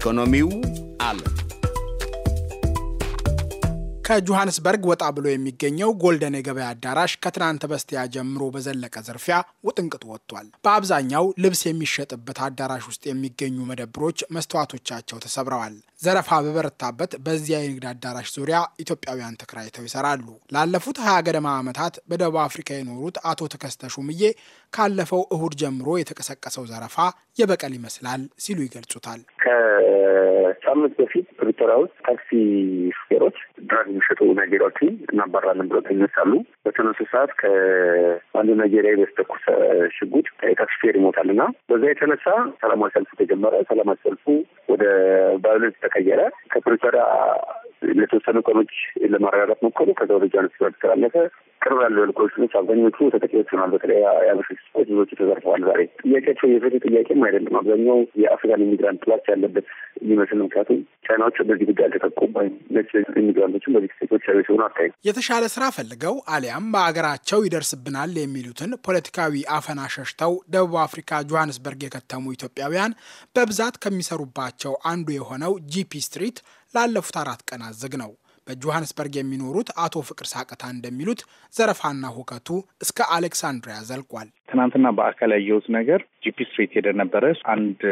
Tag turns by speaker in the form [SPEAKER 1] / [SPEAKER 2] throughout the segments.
[SPEAKER 1] ኢኮኖሚው አለ። ከጆሃንስበርግ ወጣ ብሎ የሚገኘው ጎልደን የገበያ አዳራሽ ከትናንት በስቲያ ጀምሮ በዘለቀ ዝርፊያ ውጥንቅጥ ወጥቷል። በአብዛኛው ልብስ የሚሸጥበት አዳራሽ ውስጥ የሚገኙ መደብሮች መስተዋቶቻቸው ተሰብረዋል። ዘረፋ በበረታበት በዚያ የንግድ አዳራሽ ዙሪያ ኢትዮጵያውያን ተከራይተው ይሰራሉ። ላለፉት ሀያ ገደማ ዓመታት በደቡብ አፍሪካ የኖሩት አቶ ተከስተ ሹምዬ ካለፈው እሁድ ጀምሮ የተቀሰቀሰው ዘረፋ የበቀል ይመስላል ሲሉ ይገልጹታል።
[SPEAKER 2] ከአመት በፊት ፕሪቶሪያ ውስጥ ታክሲ ሹፌሮች ድራግ የሚሸጡ ናይጄሪያዎችን እናባራለን ብለው ተነሳሉ። በተነሱ ሰዓት ከአንዱ ናይጄሪያዊ በስተኩሰ ሽጉጥ ታክሲ ሹፌር ይሞታል እና በዛ የተነሳ ሰላማዊ ሰልፍ ተጀመረ። ሰላማዊ ሰልፉ ወደ ቫዮለንስ ተቀየረ። ከፕሪቶሪያ ለተወሰኑ ቀኖች ለማረጋጋት ሞከሩ። ከዛ ወደ ጃንስ ተላለፈ። ቅርብ ያለው ልኮችኖች አብዛኞቹ ተጠቂዎች ሆናል። በተለይ የአበሽ ስፖች ብዙዎቹ ተዘርፈዋል። ዛሬ ጥያቄያቸው የፍትህ ጥያቄም አይደለም። አብዛኛው የአፍጋን ኢሚግራንት ጥላቻ ያለበት የሚመስል ምክንያቱም ቻይናዎች በዚህ ጉዳይ አልተጠቁም። ወይም ነች ኢሚግራንቶችን በዚህ ስቴቶች ያሉ ሲሆኑ አካሄድ
[SPEAKER 1] የተሻለ ስራ ፈልገው አሊያም በአገራቸው ይደርስብናል የሚሉትን ፖለቲካዊ አፈና ሸሽተው ደቡብ አፍሪካ ጆሀንስበርግ የከተሙ ኢትዮጵያውያን በብዛት ከሚሰሩባቸው አንዱ የሆነው ጂፒ ስትሪት ላለፉት አራት ቀናት ዝግ ነው። በጆሃንስበርግ የሚኖሩት አቶ ፍቅር ሳቀታ እንደሚሉት ዘረፋና ሁከቱ እስከ አሌክሳንድሪያ ዘልቋል።
[SPEAKER 3] ትናንትና በአካል ያየሁት ነገር ጂፒ ስትሪት ሄደ ነበረ አንድ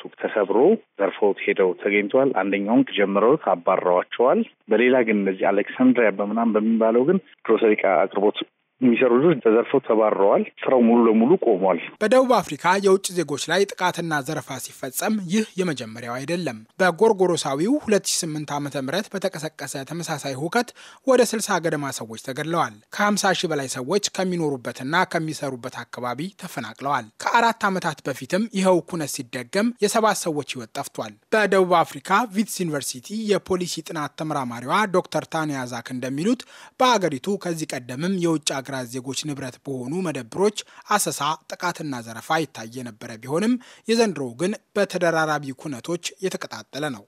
[SPEAKER 3] ሱቅ ተሰብሮ ዘርፈውት ሄደው ተገኝተዋል። አንደኛውን ጀምረውት አባረዋቸዋል። በሌላ ግን እነዚህ አሌክሳንድሪያ በምናም በሚባለው ግን ግሮሰሪ አቅርቦት የሚሰሩ ልጆች ተዘርፈው ተባረዋል። ስራው ሙሉ ለሙሉ ቆሟል።
[SPEAKER 1] በደቡብ አፍሪካ የውጭ ዜጎች ላይ ጥቃትና ዘረፋ ሲፈጸም ይህ የመጀመሪያው አይደለም። በጎርጎሮሳዊው 2008 ዓ ም በተቀሰቀሰ ተመሳሳይ ሁከት ወደ 60 ገደማ ሰዎች ተገድለዋል። ከ50 ሺህ በላይ ሰዎች ከሚኖሩበትና ከሚሰሩበት አካባቢ ተፈናቅለዋል። ከአራት ዓመታት በፊትም ይኸው ኩነት ሲደገም የሰባት ሰዎች ህይወት ጠፍቷል። በደቡብ አፍሪካ ቪትስ ዩኒቨርሲቲ የፖሊሲ ጥናት ተመራማሪዋ ዶክተር ታንያ ዛክ እንደሚሉት በአገሪቱ ከዚህ ቀደምም የውጭ ሀገራት ዜጎች ንብረት በሆኑ መደብሮች አሰሳ፣ ጥቃትና ዘረፋ ይታይ የነበረ ቢሆንም የዘንድሮው ግን በተደራራቢ
[SPEAKER 4] ኩነቶች የተቀጣጠለ ነው።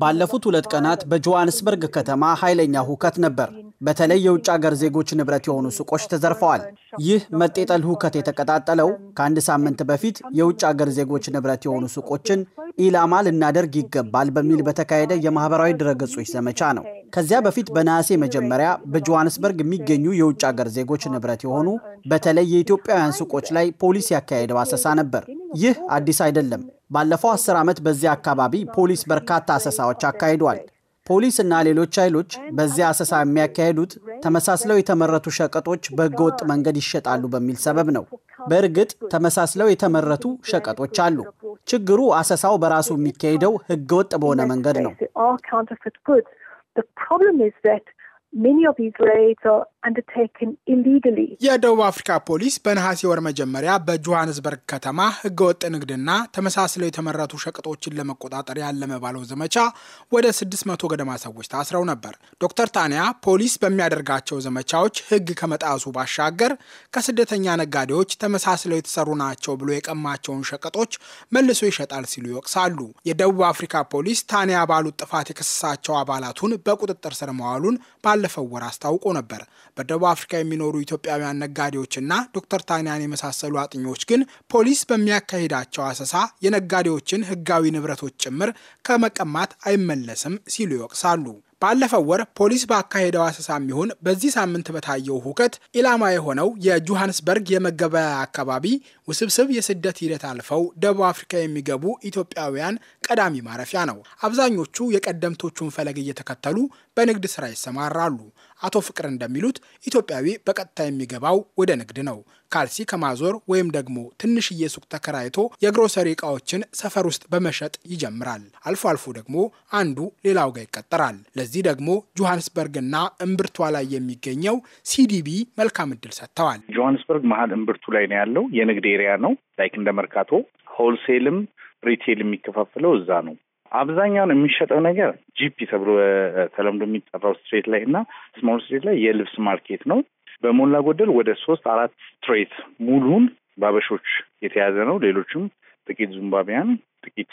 [SPEAKER 4] ባለፉት ሁለት ቀናት በጆሃንስበርግ ከተማ ኃይለኛ ሁከት ነበር። በተለይ የውጭ አገር ዜጎች ንብረት የሆኑ ሱቆች ተዘርፈዋል። ይህ መጤጠል ሁከት የተቀጣጠለው ከአንድ ሳምንት በፊት የውጭ አገር ዜጎች ንብረት የሆኑ ሱቆችን ኢላማ ልናደርግ ይገባል በሚል በተካሄደ የማህበራዊ ድረገጾች ዘመቻ ነው። ከዚያ በፊት በነሐሴ መጀመሪያ በጆሃንስበርግ የሚገኙ የውጭ አገር ዜጎች ንብረት የሆኑ በተለይ የኢትዮጵያውያን ሱቆች ላይ ፖሊስ ያካሄደው አሰሳ ነበር። ይህ አዲስ አይደለም። ባለፈው አስር ዓመት በዚያ አካባቢ ፖሊስ በርካታ አሰሳዎች አካሂዷል። ፖሊስ እና ሌሎች ኃይሎች በዚያ አሰሳ የሚያካሄዱት ተመሳስለው የተመረቱ ሸቀጦች በህገወጥ መንገድ ይሸጣሉ በሚል ሰበብ ነው። በእርግጥ ተመሳስለው የተመረቱ ሸቀጦች አሉ። ችግሩ አሰሳው በራሱ የሚካሄደው ህገወጥ በሆነ መንገድ ነው።
[SPEAKER 1] የደቡብ አፍሪካ ፖሊስ በነሐሴ ወር መጀመሪያ በጆሃንስበርግ ከተማ ህገወጥ ንግድና ተመሳስለው የተመረቱ ሸቀጦችን ለመቆጣጠር ያለመ ባለው ዘመቻ ወደ 600 ገደማ ሰዎች ታስረው ነበር። ዶክተር ታንያ ፖሊስ በሚያደርጋቸው ዘመቻዎች ህግ ከመጣሱ ባሻገር ከስደተኛ ነጋዴዎች ተመሳስለው የተሰሩ ናቸው ብሎ የቀማቸውን ሸቀጦች መልሶ ይሸጣል ሲሉ ይወቅሳሉ። የደቡብ አፍሪካ ፖሊስ ታንያ ባሉት ጥፋት የከሰሳቸው አባላቱን በቁጥጥር ስር መዋሉን ባለፈው ወር አስታውቆ ነበር። በደቡብ አፍሪካ የሚኖሩ ኢትዮጵያውያን ነጋዴዎችና ዶክተር ታንያን የመሳሰሉ አጥኚዎች ግን ፖሊስ በሚያካሂዳቸው አሰሳ የነጋዴዎችን ህጋዊ ንብረቶች ጭምር ከመቀማት አይመለስም ሲሉ ይወቅሳሉ። ባለፈው ወር ፖሊስ ባካሄደው አሰሳ የሚሆን በዚህ ሳምንት በታየው ሁከት ኢላማ የሆነው የጆሃንስበርግ የመገበያ አካባቢ ውስብስብ የስደት ሂደት አልፈው ደቡብ አፍሪካ የሚገቡ ኢትዮጵያውያን ቀዳሚ ማረፊያ ነው። አብዛኞቹ የቀደምቶቹን ፈለግ እየተከተሉ በንግድ ስራ ይሰማራሉ። አቶ ፍቅር እንደሚሉት ኢትዮጵያዊ በቀጥታ የሚገባው ወደ ንግድ ነው። ካልሲ ከማዞር ወይም ደግሞ ትንሽዬ ሱቅ ተከራይቶ የግሮሰሪ እቃዎችን ሰፈር ውስጥ በመሸጥ ይጀምራል። አልፎ አልፎ ደግሞ አንዱ ሌላው ጋር ይቀጠራል። ለዚህ ደግሞ ጆሃንስበርግና እምብርቷ ላይ የሚገኘው ሲዲቢ መልካም እድል
[SPEAKER 3] ሰጥተዋል። ጆሃንስበርግ መሀል እምብርቱ ላይ ነው ያለው። የንግድ ኤሪያ ነው ላይክ እንደ መርካቶ ሆልሴልም ሪቴል የሚከፋፍለው እዛ ነው። አብዛኛውን የሚሸጠው ነገር ጂፒ ተብሎ ተለምዶ የሚጠራው ስትሬት ላይ እና ስሞል ስትሬት ላይ የልብስ ማርኬት ነው። በሞላ ጎደል ወደ ሶስት አራት ስትሬት ሙሉን ባበሾች የተያዘ ነው። ሌሎችም ጥቂት ዙምባቢያን፣ ጥቂት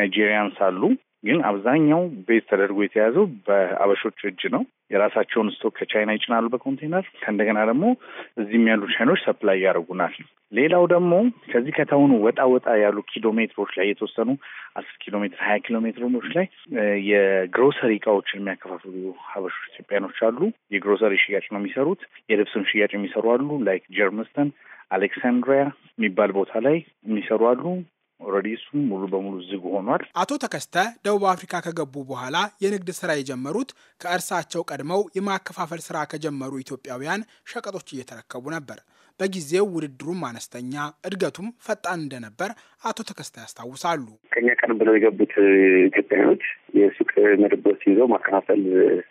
[SPEAKER 3] ናይጄሪያንስ አሉ። ግን አብዛኛው ቤዝ ተደርጎ የተያዘው በአበሾች እጅ ነው። የራሳቸውን ስቶክ ከቻይና ይጭናሉ በኮንቴነር ከእንደገና ደግሞ እዚህም ያሉ ቻይኖች ሰፕላይ ያደርጉናል። ሌላው ደግሞ ከዚህ ከታውኑ ወጣ ወጣ ያሉ ኪሎ ሜትሮች ላይ የተወሰኑ አስር ኪሎ ሜትር፣ ሀያ ኪሎ ሜትሮች ላይ የግሮሰሪ እቃዎችን የሚያከፋፍሉ ሀበሾች ኢትዮጵያኖች አሉ። የግሮሰሪ ሽያጭ ነው የሚሰሩት። የልብስም ሽያጭ የሚሰሩ አሉ። ላይክ ጀርምስተን አሌክሳንድሪያ የሚባል ቦታ ላይ የሚሰሩ አሉ። ኦልሬዲ እሱም ሙሉ በሙሉ ዝግ ሆኗል።
[SPEAKER 1] አቶ ተከስተ ደቡብ አፍሪካ ከገቡ በኋላ የንግድ ስራ የጀመሩት ከእርሳቸው ቀድመው የማከፋፈል ስራ ከጀመሩ ኢትዮጵያውያን ሸቀጦች እየተረከቡ ነበር። በጊዜው ውድድሩም አነስተኛ እድገቱም ፈጣን እንደነበር አቶ ተከስታ ያስታውሳሉ።
[SPEAKER 2] ከኛ ቀን ብለው የገቡት ኢትዮጵያኖች የሱቅ መደቦች ይዘው ማከፋፈል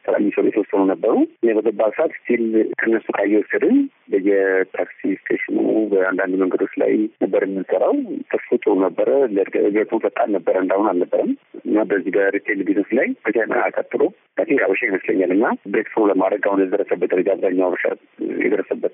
[SPEAKER 2] ስራ የሚሰሩ የተወሰኑ ነበሩ። በገባ ሰዓት ስቲል ከነሱ ቃ እየወሰድን በየታክሲ ስቴሽኑ፣ በአንዳንድ መንገዶች ላይ ነበር የምንሰራው። ተስፎ ጥሩ ነበረ። ለእድገቱ ፈጣን ነበረ፣ እንዳሁን አልነበረም እና በዚህ በሪቴል ቢዝነስ ላይ በቻይና ቀጥሎ አበሻ ይመስለኛል እና ቤት ለማድረግ አሁን የደረሰበት ደረጃ አብዛኛው አበሻ የደረሰበት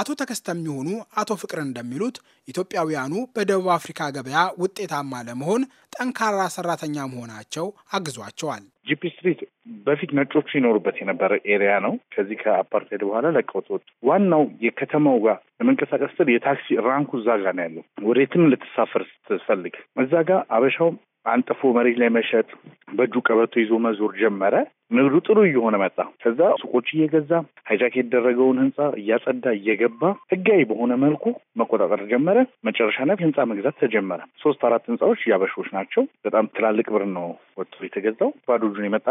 [SPEAKER 1] አቶ ተከስተ የሚሆኑ አቶ ፍቅር እንደሚሉት ኢትዮጵያውያኑ በደቡብ አፍሪካ ገበያ ውጤታማ ለመሆን ጠንካራ ሰራተኛ መሆናቸው አግዟቸዋል።
[SPEAKER 3] ጂፒ ስትሪት በፊት ነጮቹ ይኖሩበት የነበረ ኤሪያ ነው። ከዚህ ከአፓርታይድ በኋላ ለቀውት ወጡ። ዋናው የከተማው ጋር ለመንቀሳቀስ ስል የታክሲ ራንኩ እዛ ጋር ነው ያለው። ወዴትም ልትሳፈር ስትፈልግ እዛ ጋር አበሻው አንጥፎ መሬት ላይ መሸጥ፣ በእጁ ቀበቶ ይዞ መዞር ጀመረ። ንግዱ ጥሩ እየሆነ መጣ። ከዛ ሱቆች እየገዛ ሀይጃክ የደረገውን ህንፃ እያጸዳ እየገባ ህጋዊ በሆነ መልኩ መቆጣጠር ጀመረ። መጨረሻ ላይ ህንፃ መግዛት ተጀመረ። ሶስት አራት ህንፃዎች ያበሾች ናቸው። በጣም ትላልቅ ብር ነው ወጥቶ የተገዛው። ባዶ እጁን የመጣ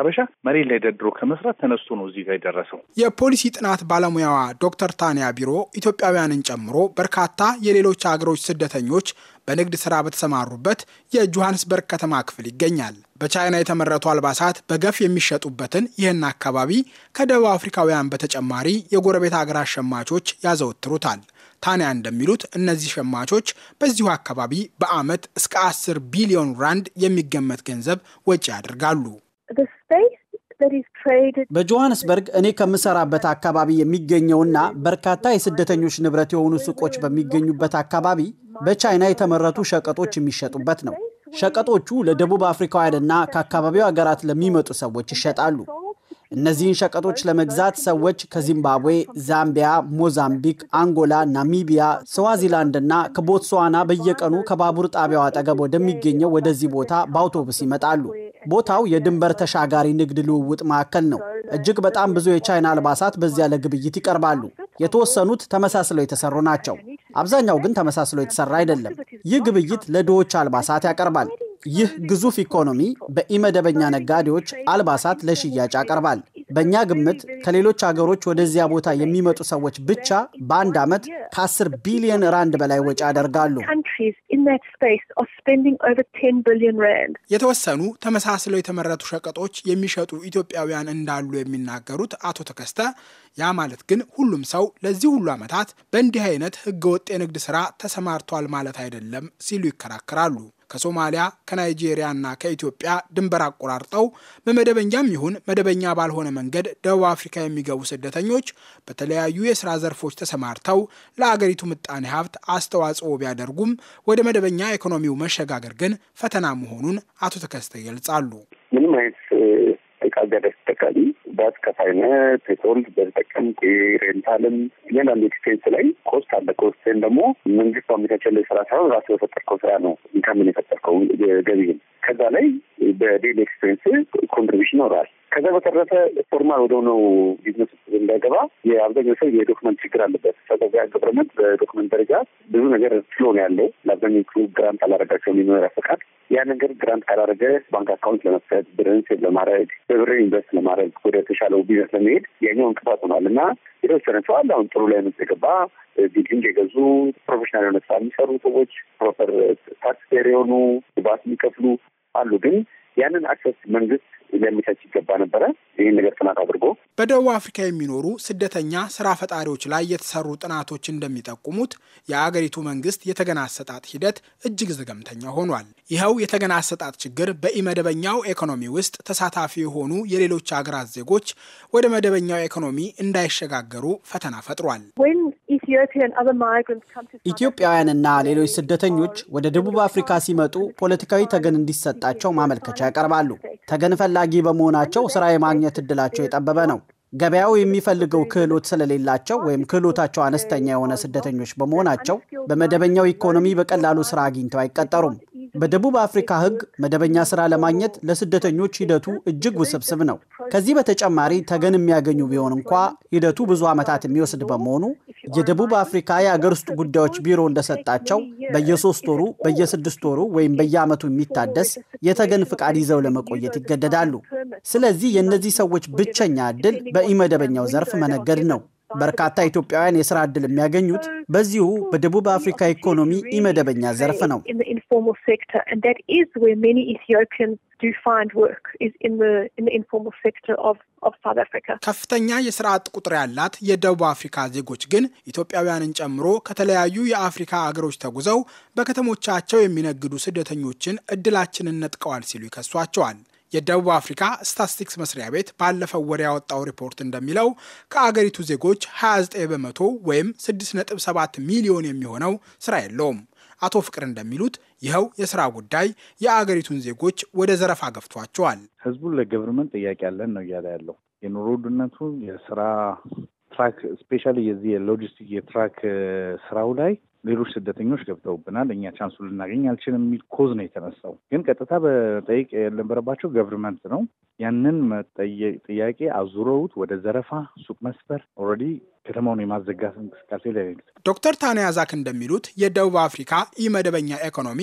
[SPEAKER 3] መሬት ላይ ደድሮ ከመስራት ተነስቶ ነው እዚህ ጋር የደረሰው።
[SPEAKER 1] የፖሊሲ ጥናት ባለሙያዋ ዶክተር ታንያ ቢሮ ኢትዮጵያውያንን ጨምሮ በርካታ የሌሎች ሀገሮች ስደተኞች በንግድ ስራ በተሰማሩበት የጆሃንስበርግ ከተማ ክፍል ይገኛል። በቻይና የተመረቱ አልባሳት በገፍ የሚሸጡበትን ይህን አካባቢ ከደቡብ አፍሪካውያን በተጨማሪ የጎረቤት ሀገር ሸማቾች ያዘወትሩታል። ታንያ እንደሚሉት እነዚህ ሸማቾች በዚሁ አካባቢ በዓመት እስከ 10 ቢሊዮን ራንድ የሚገመት ገንዘብ
[SPEAKER 4] ወጪ ያደርጋሉ። በጆሃንስበርግ እኔ ከምሰራበት አካባቢ የሚገኘውና በርካታ የስደተኞች ንብረት የሆኑ ሱቆች በሚገኙበት አካባቢ በቻይና የተመረቱ ሸቀጦች የሚሸጡበት ነው። ሸቀጦቹ ለደቡብ አፍሪካውያንና ከአካባቢው ሀገራት ለሚመጡ ሰዎች ይሸጣሉ። እነዚህን ሸቀጦች ለመግዛት ሰዎች ከዚምባብዌ፣ ዛምቢያ፣ ሞዛምቢክ፣ አንጎላ፣ ናሚቢያ፣ ስዋዚላንድ እና ከቦትስዋና በየቀኑ ከባቡር ጣቢያው አጠገብ ወደሚገኘው ወደዚህ ቦታ በአውቶቡስ ይመጣሉ። ቦታው የድንበር ተሻጋሪ ንግድ ልውውጥ ማዕከል ነው። እጅግ በጣም ብዙ የቻይና አልባሳት በዚያ ለግብይት ይቀርባሉ። የተወሰኑት ተመሳስለው የተሰሩ ናቸው። አብዛኛው ግን ተመሳስሎ የተሰራ አይደለም። ይህ ግብይት ለድሆች አልባሳት ያቀርባል። ይህ ግዙፍ ኢኮኖሚ በኢመደበኛ ነጋዴዎች አልባሳት ለሽያጭ ያቀርባል። በእኛ ግምት ከሌሎች ሀገሮች ወደዚያ ቦታ የሚመጡ ሰዎች ብቻ በአንድ ዓመት ከ10 ቢሊዮን ራንድ በላይ ወጪ ያደርጋሉ። የተወሰኑ
[SPEAKER 1] ተመሳስለው የተመረቱ ሸቀጦች የሚሸጡ ኢትዮጵያውያን እንዳሉ የሚናገሩት አቶ ተከስተ ያ ማለት ግን ሁሉም ሰው ለዚህ ሁሉ ዓመታት በእንዲህ አይነት ህገወጥ የንግድ ስራ ተሰማርቷል ማለት አይደለም ሲሉ ይከራከራሉ። ከሶማሊያ ከናይጄሪያና ከኢትዮጵያ ድንበር አቆራርጠው በመደበኛም ይሁን መደበኛ ባልሆነ መንገድ ደቡብ አፍሪካ የሚገቡ ስደተኞች በተለያዩ የስራ ዘርፎች ተሰማርተው ለአገሪቱ ምጣኔ ሀብት አስተዋጽኦ ቢያደርጉም ወደ መደበኛ ኢኮኖሚው መሸጋገር ግን ፈተና መሆኑን አቶ ተከስተ
[SPEAKER 2] ይገልጻሉ። ምንም አይነት ከአጋ ተጠቃሚ ባት ከፋይነት ፔትሮል በተጠቀም ሬንታልም እያንዳንዱ ኤክስፔንስ ላይ ኮስት አለ። ኮስትን ደግሞ መንግስት ላይ ስራ ሳይሆን ራሱ የፈጠርከው ስራ ነው። ኢንካምን የፈጠርከው ገቢህን ከዛ ላይ በዴል ኤክስፔንስ ኮንትሪቢሽን ይኖራል። ከዛ በተረፈ ፎርማል ወደ ሆነው ቢዝነስ ውስጥ እንዳይገባ የአብዛኛው ሰው የዶክመንት ችግር አለበት። ከኢትዮጵያ ገብረመት በዶክመንት ደረጃ ብዙ ነገር ስሎ ነው ያለው። ለአብዛኞቹ ግራንት አላረጋቸው የመኖሪያ ፈቃድ ያ ነገር ግራንት ካላደረገ ባንክ አካውንት ለመክፈት ብርን ሴቭ ለማድረግ በብር ኢንቨስት ለማድረግ ወደ ተሻለው ቢዝነስ ለመሄድ የኛው እንቅፋት ሆኗል እና የተወሰነ ሰው አለ አሁን ጥሩ ላይ የምትገባ ቢልዲንግ የገዙ ፕሮፌሽናል የሆነ ስራ የሚሰሩ ሰዎች ፕሮፐር ታክስ ፔር የሆኑ ግባት የሚከፍሉ አሉ ግን ያንን አክሰስ መንግስት ሊያመቻች ይገባ ነበረ። ይህን ነገር ጥናት አድርጎ
[SPEAKER 1] በደቡብ አፍሪካ የሚኖሩ ስደተኛ ስራ ፈጣሪዎች ላይ የተሰሩ ጥናቶች እንደሚጠቁሙት የአገሪቱ መንግስት የተገና አሰጣጥ ሂደት እጅግ ዘገምተኛ ሆኗል። ይኸው የተገና አሰጣጥ ችግር በኢመደበኛው ኢኮኖሚ ውስጥ ተሳታፊ የሆኑ የሌሎች ሀገራት ዜጎች ወደ መደበኛው ኢኮኖሚ
[SPEAKER 4] እንዳይሸጋገሩ ፈተና ፈጥሯል። ኢትዮጵያውያንና ሌሎች ስደተኞች ወደ ደቡብ አፍሪካ ሲመጡ ፖለቲካዊ ተገን እንዲሰጣቸው ማመልከቻ ያቀርባሉ። ተገን ፈላጊ በመሆናቸው ስራ የማግኘት እድላቸው የጠበበ ነው። ገበያው የሚፈልገው ክህሎት ስለሌላቸው ወይም ክህሎታቸው አነስተኛ የሆነ ስደተኞች በመሆናቸው በመደበኛው ኢኮኖሚ በቀላሉ ስራ አግኝተው አይቀጠሩም። በደቡብ አፍሪካ ሕግ መደበኛ ስራ ለማግኘት ለስደተኞች ሂደቱ እጅግ ውስብስብ ነው። ከዚህ በተጨማሪ ተገን የሚያገኙ ቢሆን እንኳ ሂደቱ ብዙ ዓመታት የሚወስድ በመሆኑ የደቡብ አፍሪካ የአገር ውስጥ ጉዳዮች ቢሮ እንደሰጣቸው በየሶስት ወሩ በየስድስት ወሩ ወይም በየዓመቱ የሚታደስ የተገን ፍቃድ ይዘው ለመቆየት ይገደዳሉ። ስለዚህ የእነዚህ ሰዎች ብቸኛ እድል በኢመደበኛው ዘርፍ መነገድ ነው። በርካታ ኢትዮጵያውያን የስራ ዕድል የሚያገኙት በዚሁ በደቡብ አፍሪካ ኢኮኖሚ ኢመደበኛ ዘርፍ ነው።
[SPEAKER 1] ከፍተኛ የስራ አጥ ቁጥር ያላት የደቡብ አፍሪካ ዜጎች ግን ኢትዮጵያውያንን ጨምሮ ከተለያዩ የአፍሪካ አገሮች ተጉዘው በከተሞቻቸው የሚነግዱ ስደተኞችን እድላችንን ነጥቀዋል ሲሉ ይከሷቸዋል። የደቡብ አፍሪካ ስታትስቲክስ መስሪያ ቤት ባለፈው ወር ያወጣው ሪፖርት እንደሚለው ከአገሪቱ ዜጎች 29 በመቶ ወይም 6.7 ሚሊዮን የሚሆነው ስራ የለውም። አቶ ፍቅር እንደሚሉት ይኸው የስራ ጉዳይ የአገሪቱን ዜጎች ወደ ዘረፋ
[SPEAKER 3] ገፍቷቸዋል። ህዝቡ ለገቨርንመንት ጥያቄ ያለን ነው እያለ ያለው የኑሮ ውድነቱ የስራ ትራክ ስፔሻሊ የዚህ የሎጂስቲክ የትራክ ስራው ላይ ሌሎች ስደተኞች ገብተውብናል፣ እኛ ቻንሱ ልናገኝ አልችልም የሚል ኮዝ ነው የተነሳው። ግን ቀጥታ በጠይቅ የነበረባቸው ገቨርንመንት ነው። ያንን ጥያቄ አዙረውት ወደ ዘረፋ፣ ሱቅ መስፈር ኦልሬዲ ከተማውን የማዘጋት እንቅስቃሴ ላይ ዶክተር ታንያ ዛክ እንደሚሉት የደቡብ
[SPEAKER 1] አፍሪካ ኢመደበኛ ኢኮኖሚ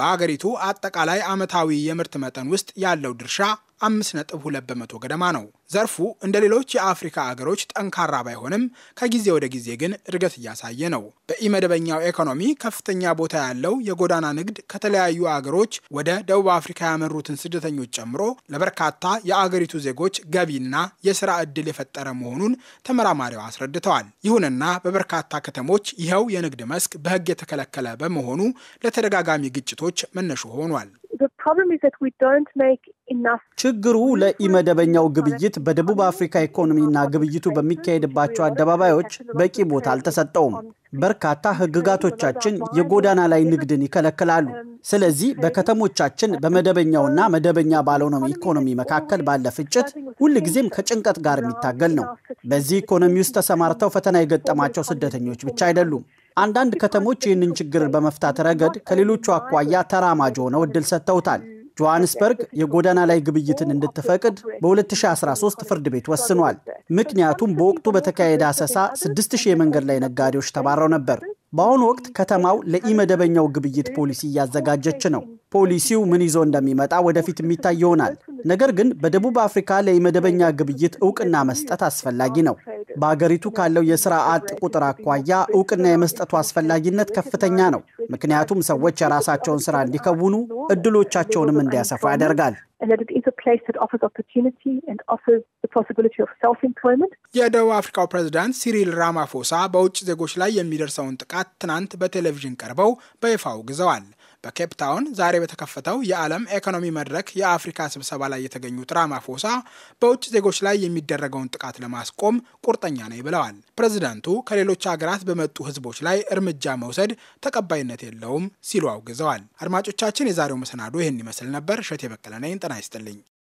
[SPEAKER 1] በአገሪቱ አጠቃላይ ዓመታዊ የምርት መጠን ውስጥ ያለው ድርሻ አምስት ነጥብ ሁለት በመቶ ገደማ ነው። ዘርፉ እንደ ሌሎች የአፍሪካ አገሮች ጠንካራ ባይሆንም ከጊዜ ወደ ጊዜ ግን እድገት እያሳየ ነው። በኢመደበኛው ኢኮኖሚ ከፍተኛ ቦታ ያለው የጎዳና ንግድ ከተለያዩ አገሮች ወደ ደቡብ አፍሪካ ያመሩትን ስደተኞች ጨምሮ ለበርካታ የአገሪቱ ዜጎች ገቢና የስራ ዕድል የፈጠረ መሆኑን ተመራማሪው አስረድተዋል። ይሁንና በበርካታ ከተሞች ይኸው የንግድ መስክ በሕግ የተከለከለ በመሆኑ ለተደጋጋሚ ግጭቶች መነሹ ሆኗል።
[SPEAKER 4] ችግሩ ለኢመደበኛው ግብይት በደቡብ አፍሪካ ኢኮኖሚና ግብይቱ በሚካሄድባቸው አደባባዮች በቂ ቦታ አልተሰጠውም። በርካታ ህግጋቶቻችን የጎዳና ላይ ንግድን ይከለክላሉ። ስለዚህ በከተሞቻችን በመደበኛውና መደበኛ ባልሆነው ኢኮኖሚ መካከል ባለ ፍጭት ሁልጊዜም ከጭንቀት ጋር የሚታገል ነው። በዚህ ኢኮኖሚ ውስጥ ተሰማርተው ፈተና የገጠማቸው ስደተኞች ብቻ አይደሉም። አንዳንድ ከተሞች ይህንን ችግር በመፍታት ረገድ ከሌሎቹ አኳያ ተራማጅ ሆነው እድል ሰጥተውታል። ጆሐንስበርግ የጎዳና ላይ ግብይትን እንድትፈቅድ በ2013 ፍርድ ቤት ወስኗል። ምክንያቱም በወቅቱ በተካሄደ አሰሳ 6000 የመንገድ ላይ ነጋዴዎች ተባረው ነበር። በአሁኑ ወቅት ከተማው ለኢመደበኛው ግብይት ፖሊሲ እያዘጋጀች ነው። ፖሊሲው ምን ይዞ እንደሚመጣ ወደፊት የሚታይ ይሆናል። ነገር ግን በደቡብ አፍሪካ ለመደበኛ ግብይት እውቅና መስጠት አስፈላጊ ነው። በአገሪቱ ካለው የስራ አጥ ቁጥር አኳያ እውቅና የመስጠቱ አስፈላጊነት ከፍተኛ ነው። ምክንያቱም ሰዎች የራሳቸውን ስራ እንዲከውኑ እድሎቻቸውንም እንዲያሰፉ ያደርጋል።
[SPEAKER 1] የደቡብ አፍሪካው ፕሬዝዳንት ሲሪል ራማፎሳ በውጭ ዜጎች ላይ የሚደርሰውን ጥቃት ትናንት በቴሌቪዥን ቀርበው በይፋ አውግዘዋል። በኬፕታውን ዛሬ በተከፈተው የዓለም ኢኮኖሚ መድረክ የአፍሪካ ስብሰባ ላይ የተገኙት ራማፎሳ በውጭ ዜጎች ላይ የሚደረገውን ጥቃት ለማስቆም ቁርጠኛ ነኝ ብለዋል። ፕሬዚዳንቱ ከሌሎች ሀገራት በመጡ ሕዝቦች ላይ እርምጃ መውሰድ ተቀባይነት የለውም ሲሉ አውግዘዋል። አድማጮቻችን፣ የዛሬው መሰናዶ ይህን ይመስል ነበር። እሸቴ በቀለ ነኝ። ጤና ይስጥልኝ።